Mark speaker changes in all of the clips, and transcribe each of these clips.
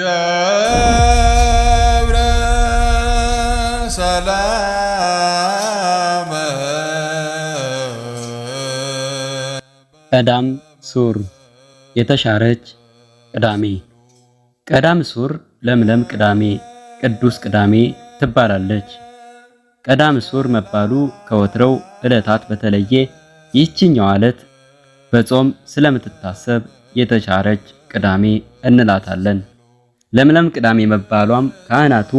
Speaker 1: ገብረ ቀዳም ሱር የተሻረች ቅዳሜ ቀዳም ሱር ለምለም ቅዳሜ ቅዱስ ቅዳሜ ትባላለች። ቀዳም ሱር መባሉ ከወትረው ዕለታት በተለየ ይችኛው ዕለት በጾም ስለምትታሰብ የተሻረች ቅዳሜ እንላታለን። ለምለም ቅዳሜ መባሏም ካህናቱ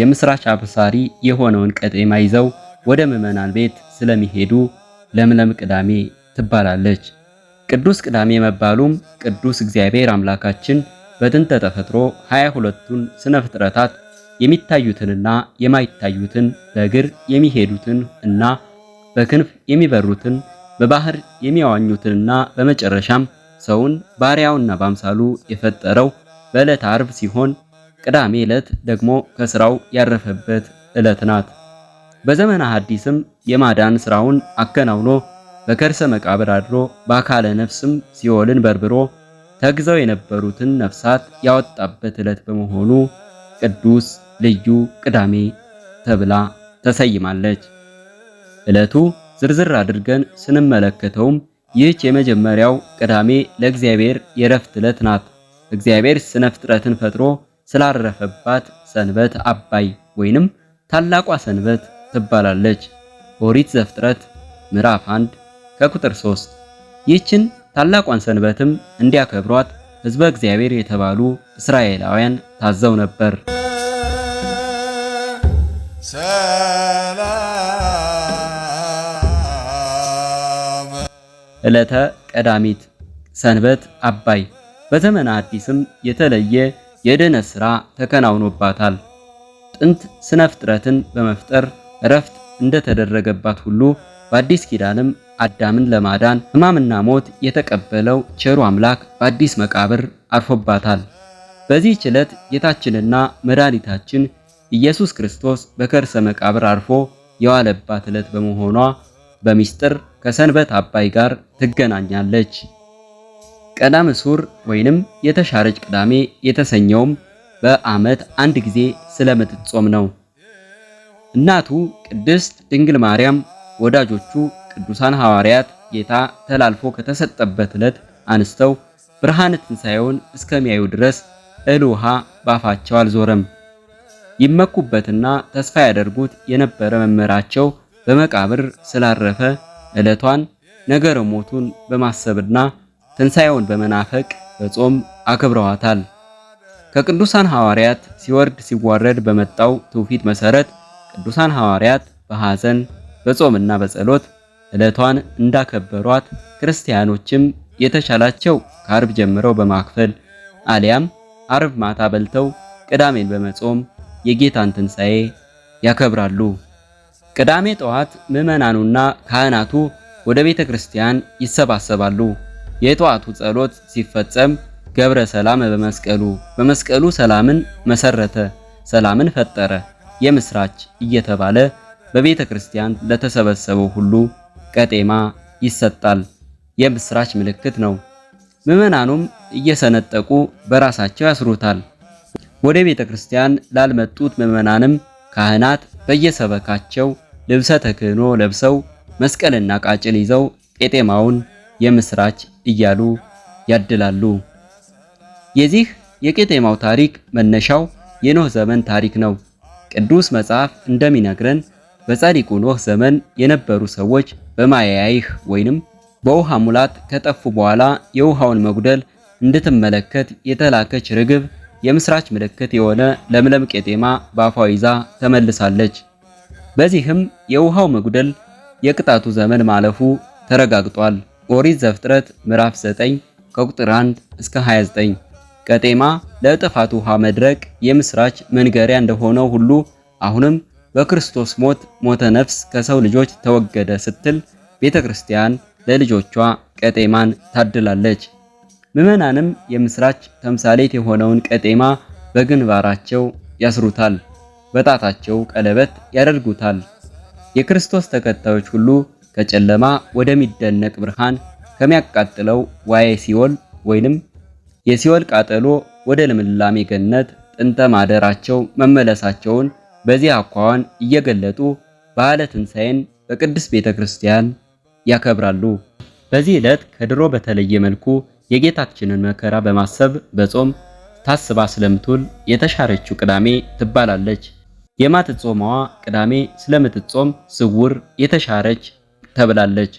Speaker 1: የምስራች አብሳሪ የሆነውን ቀጤማ ይዘው ወደ ምዕመናን ቤት ስለሚሄዱ ለምለም ቅዳሜ ትባላለች። ቅዱስ ቅዳሜ መባሉም ቅዱስ እግዚአብሔር አምላካችን በጥንተ ተፈጥሮ ሃያ ሁለቱን ስነ ፍጥረታት የሚታዩትንና የማይታዩትን በእግር የሚሄዱትን እና በክንፍ የሚበሩትን በባህር የሚያዋኙትንና በመጨረሻም ሰውን ባሪያውና በአምሳሉ የፈጠረው በዕለት አርብ ሲሆን ቅዳሜ ዕለት ደግሞ ከስራው ያረፈበት ዕለት ናት። በዘመነ ሐዲስም የማዳን ስራውን አከናውኖ በከርሰ መቃብር አድሮ በአካለ ነፍስም ሲኦልን በርብሮ ተግዘው የነበሩትን ነፍሳት ያወጣበት ዕለት በመሆኑ ቅዱስ ልዩ ቅዳሜ ተብላ ተሰይማለች። ዕለቱ ዝርዝር አድርገን ስንመለከተውም ይህች የመጀመሪያው ቅዳሜ ለእግዚአብሔር የረፍት ዕለት ናት። እግዚአብሔር ስነ ፍጥረትን ፈጥሮ ስላረፈባት ሰንበት አባይ ወይንም ታላቋ ሰንበት ትባላለች። ኦሪት ዘፍጥረት ምዕራፍ 1 ከቁጥር 3። ይህችን ታላቋን ሰንበትም እንዲያከብሯት ሕዝበ እግዚአብሔር የተባሉ እስራኤላውያን ታዘው ነበር። ዕለተ ቀዳሚት ሰንበት አባይ በዘመነ አዲስም የተለየ የድኅነት ሥራ ተከናውኖባታል። ጥንት ስነ ፍጥረትን በመፍጠር እረፍት እንደተደረገባት ሁሉ በአዲስ ኪዳንም አዳምን ለማዳን ሕማምና ሞት የተቀበለው ቸሩ አምላክ በአዲስ መቃብር አርፎባታል። በዚህች ዕለት ጌታችንና መድኃኒታችን ኢየሱስ ክርስቶስ በከርሰ መቃብር አርፎ የዋለባት ዕለት በመሆኗ በሚስጥር ከሰንበት አባይ ጋር ትገናኛለች። ቀዳም ሱር ወይንም የተሻረች ቅዳሜ የተሰኘውም በዓመት አንድ ጊዜ ስለምትጾም ነው። እናቱ ቅድስት ድንግል ማርያም፣ ወዳጆቹ ቅዱሳን ሐዋርያት ጌታ ተላልፎ ከተሰጠበት ዕለት አንስተው ብርሃነ ትንሣኤውን እስከሚያዩ ድረስ እል ውሃ ባፋቸው አልዞረም። ይመኩበትና ተስፋ ያደርጉት የነበረ መምህራቸው በመቃብር ስላረፈ ዕለቷን ነገረ ሞቱን በማሰብና ትንሣኤውን በመናፈቅ በጾም አክብረዋታል። ከቅዱሳን ሐዋርያት ሲወርድ ሲዋረድ በመጣው ትውፊት መሠረት ቅዱሳን ሐዋርያት በሐዘን በጾምና በጸሎት ዕለቷን እንዳከበሯት ክርስቲያኖችም የተሻላቸው ከአርብ ጀምረው በማክፈል አሊያም አርብ ማታ በልተው ቅዳሜን በመጾም የጌታን ትንሣኤ ያከብራሉ። ቅዳሜ ጠዋት ምዕመናኑና ካህናቱ ወደ ቤተ ክርስቲያን ይሰባሰባሉ። የጠዋቱ ጸሎት ሲፈጸም ገብረ ሰላም በመስቀሉ በመስቀሉ ሰላምን መሰረተ፣ ሰላምን ፈጠረ፣ የምስራች እየተባለ በቤተ ክርስቲያን ለተሰበሰበው ሁሉ ቀጤማ ይሰጣል። የምስራች ምልክት ነው። ምዕመናኑም እየሰነጠቁ በራሳቸው ያስሩታል። ወደ ቤተ ክርስቲያን ላልመጡት ምዕመናንም ካህናት በየሰበካቸው ልብሰ ተክህኖ ለብሰው መስቀልና ቃጭል ይዘው ቄጤማውን የምስራች እያሉ ያድላሉ። የዚህ የቄጤማው ታሪክ መነሻው የኖህ ዘመን ታሪክ ነው። ቅዱስ መጽሐፍ እንደሚነግረን በጻድቁ ኖህ ዘመን የነበሩ ሰዎች በማያያይህ ወይንም በውሃ ሙላት ከጠፉ በኋላ የውሃውን መጉደል እንድትመለከት የተላከች ርግብ የምስራች ምልክት የሆነ ለምለም ቄጤማ ባፏ ይዛ ተመልሳለች። በዚህም የውሃው መጉደል የቅጣቱ ዘመን ማለፉ ተረጋግጧል። ኦሪት ዘፍጥረት ምዕራፍ 9 ከቁጥር 1 እስከ 29 ቀጤማ ለጥፋት ውሃ መድረቅ የምስራች መንገሪያ እንደሆነው ሁሉ አሁንም በክርስቶስ ሞት ሞተ ነፍስ ከሰው ልጆች ተወገደ ስትል ቤተ ክርስቲያን ለልጆቿ ቀጤማን ታድላለች። ምዕመናንም የምስራች ተምሳሌት የሆነውን ቀጤማ በግንባራቸው ያስሩታል፣ በጣታቸው ቀለበት ያደርጉታል። የክርስቶስ ተከታዮች ሁሉ ከጨለማ ወደሚደነቅ ብርሃን ከሚያቃጥለው ዋይ ሲኦል ወይንም የሲኦል ቃጠሎ ወደ ልምላሜ ገነት ጥንተ ማደራቸው መመለሳቸውን በዚህ አኳኋን እየገለጡ በዓለ ትንሣኤን በቅድስት ቤተ ክርስቲያን ያከብራሉ። በዚህ ዕለት ከድሮ በተለየ መልኩ የጌታችንን መከራ በማሰብ በጾም ታስባ ስለምትውል የተሻረችው ቅዳሜ ትባላለች። የማትጾማዋ ቅዳሜ ስለምትጾም ስውር የተሻረች ተብላለች።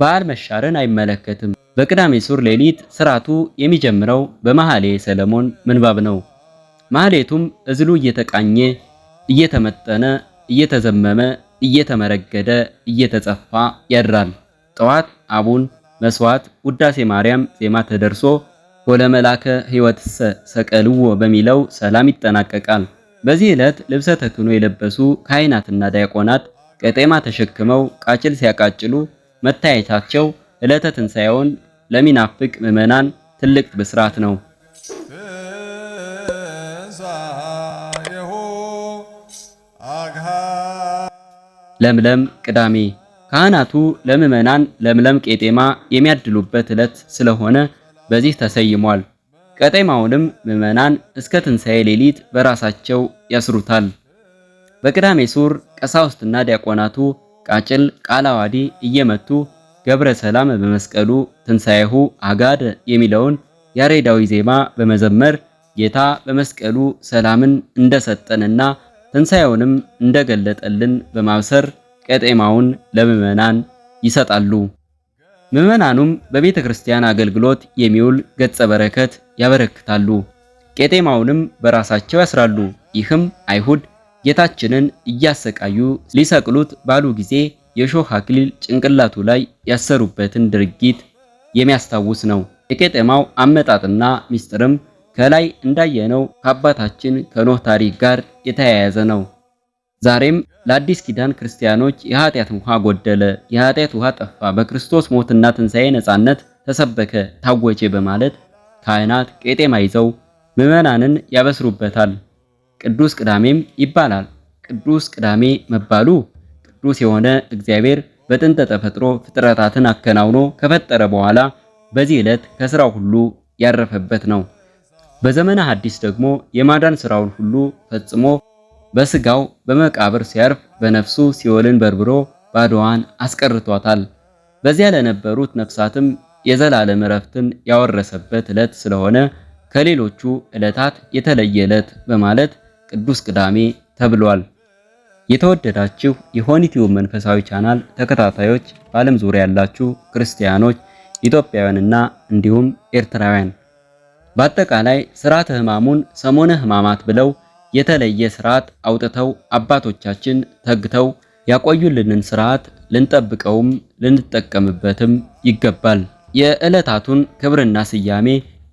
Speaker 1: በዓል መሻርን አይመለከትም። በቅዳሜ ሱር ሌሊት ስርዓቱ የሚጀምረው በመኃልየ ሰለሞን ምንባብ ነው። ማህሌቱም እዝሉ እየተቃኘ እየተመጠነ እየተዘመመ እየተመረገደ እየተጸፋ ያድራል። ጠዋት አቡን መስዋዕት ውዳሴ ማርያም ዜማ ተደርሶ ወለመላከ ሕይወትሰ ሰቀልዎ በሚለው ሰላም ይጠናቀቃል። በዚህ ዕለት ልብሰ ተክህኖ የለበሱ ካህናትና ዲያቆናት ቀጤማ ተሸክመው ቃጭል ሲያቃጭሉ መታየታቸው ዕለተ ትንሣኤውን ለሚናፍቅ ምዕመናን ትልቅ ብስራት ነው። ለምለም ቅዳሜ ካህናቱ ለምዕመናን ለምለም ቄጤማ የሚያድሉበት ዕለት ስለሆነ በዚህ ተሰይሟል። ቀጤማውንም ምዕመናን እስከ ትንሣኤ ሌሊት በራሳቸው ያስሩታል። በቅዳሜ ሱር ቀሳውስትና ዲያቆናቱ ቃጭል ቃል አዋዲ እየመቱ ገብረ ሰላም በመስቀሉ ትንሣኤሁ አጋድ የሚለውን ያሬዳዊ ዜማ በመዘመር ጌታ በመስቀሉ ሰላምን እንደሰጠንና ትንሣኤውንም እንደገለጠልን በማብሰር ቀጤማውን ለምዕመናን ይሰጣሉ። ምዕመናኑም በቤተ ክርስቲያን አገልግሎት የሚውል ገጸ በረከት ያበረክታሉ። ቄጤማውንም በራሳቸው ያስራሉ። ይህም አይሁድ ጌታችንን እያሰቃዩ ሊሰቅሉት ባሉ ጊዜ የሾህ አክሊል ጭንቅላቱ ላይ ያሰሩበትን ድርጊት የሚያስታውስ ነው። የቄጠማው አመጣጥና ምስጢርም ከላይ እንዳየነው ከአባታችን ከኖህ ታሪክ ጋር የተያያዘ ነው። ዛሬም ለአዲስ ኪዳን ክርስቲያኖች የኃጢአት ውሃ ጎደለ፣ የኃጢአት ውሃ ጠፋ፣ በክርስቶስ ሞትና ትንሣኤ ነፃነት ተሰበከ፣ ታወጀ በማለት ካህናት ቄጤማ ይዘው ምዕመናንን ያበስሩበታል። ቅዱስ ቅዳሜም ይባላል። ቅዱስ ቅዳሜ መባሉ ቅዱስ የሆነ እግዚአብሔር በጥንተ ተፈጥሮ ፍጥረታትን አከናውኖ ከፈጠረ በኋላ በዚህ ዕለት ከስራው ሁሉ ያረፈበት ነው። በዘመነ ሐዲስ ደግሞ የማዳን ስራውን ሁሉ ፈጽሞ በስጋው በመቃብር ሲያርፍ በነፍሱ ሲኦልን በርብሮ ባዶዋን አስቀርቷታል። በዚያ ለነበሩት ነፍሳትም የዘላለም እረፍትን ያወረሰበት ዕለት ስለሆነ ከሌሎቹ ዕለታት የተለየ ዕለት በማለት ቅዱስ ቅዳሜ ተብሏል። የተወደዳችሁ የሆኒቲው መንፈሳዊ ቻናል ተከታታዮች፣ በዓለም ዙሪያ ያላችሁ ክርስቲያኖች፣ ኢትዮጵያውያንና እንዲሁም ኤርትራውያን በአጠቃላይ ስርዓተ ሕማሙን ሰሞነ ሕማማት ብለው የተለየ ስርዓት አውጥተው አባቶቻችን ተግተው ያቆዩልንን ስርዓት ልንጠብቀውም ልንጠቀምበትም ይገባል። የዕለታቱን ክብርና ስያሜ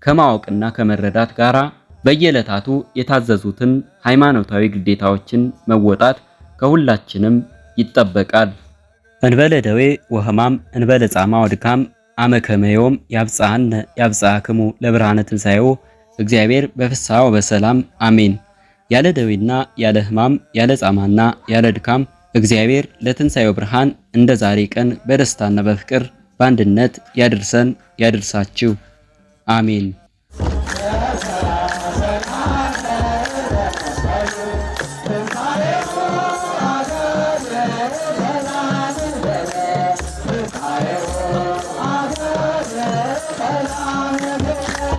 Speaker 1: ከማወቅና ከመረዳት ጋር በየዕለታቱ የታዘዙትን ሃይማኖታዊ ግዴታዎችን መወጣት ከሁላችንም ይጠበቃል። እንበለ ደዌ ወሕማም እንበለ ጻማ ወድካም አመከመዮም ያብጽሐነ ያብጽሐክሙ ለብርሃነ ትንሣኤው እግዚአብሔር በፍስሐው በሰላም አሜን። ያለ ደዌና ያለ ሕማም ያለ ጻማና ያለ ድካም እግዚአብሔር ለትንሣኤው ብርሃን እንደ ዛሬ ቀን በደስታና በፍቅር በአንድነት ያድርሰን ያድርሳችሁ፣ አሜን።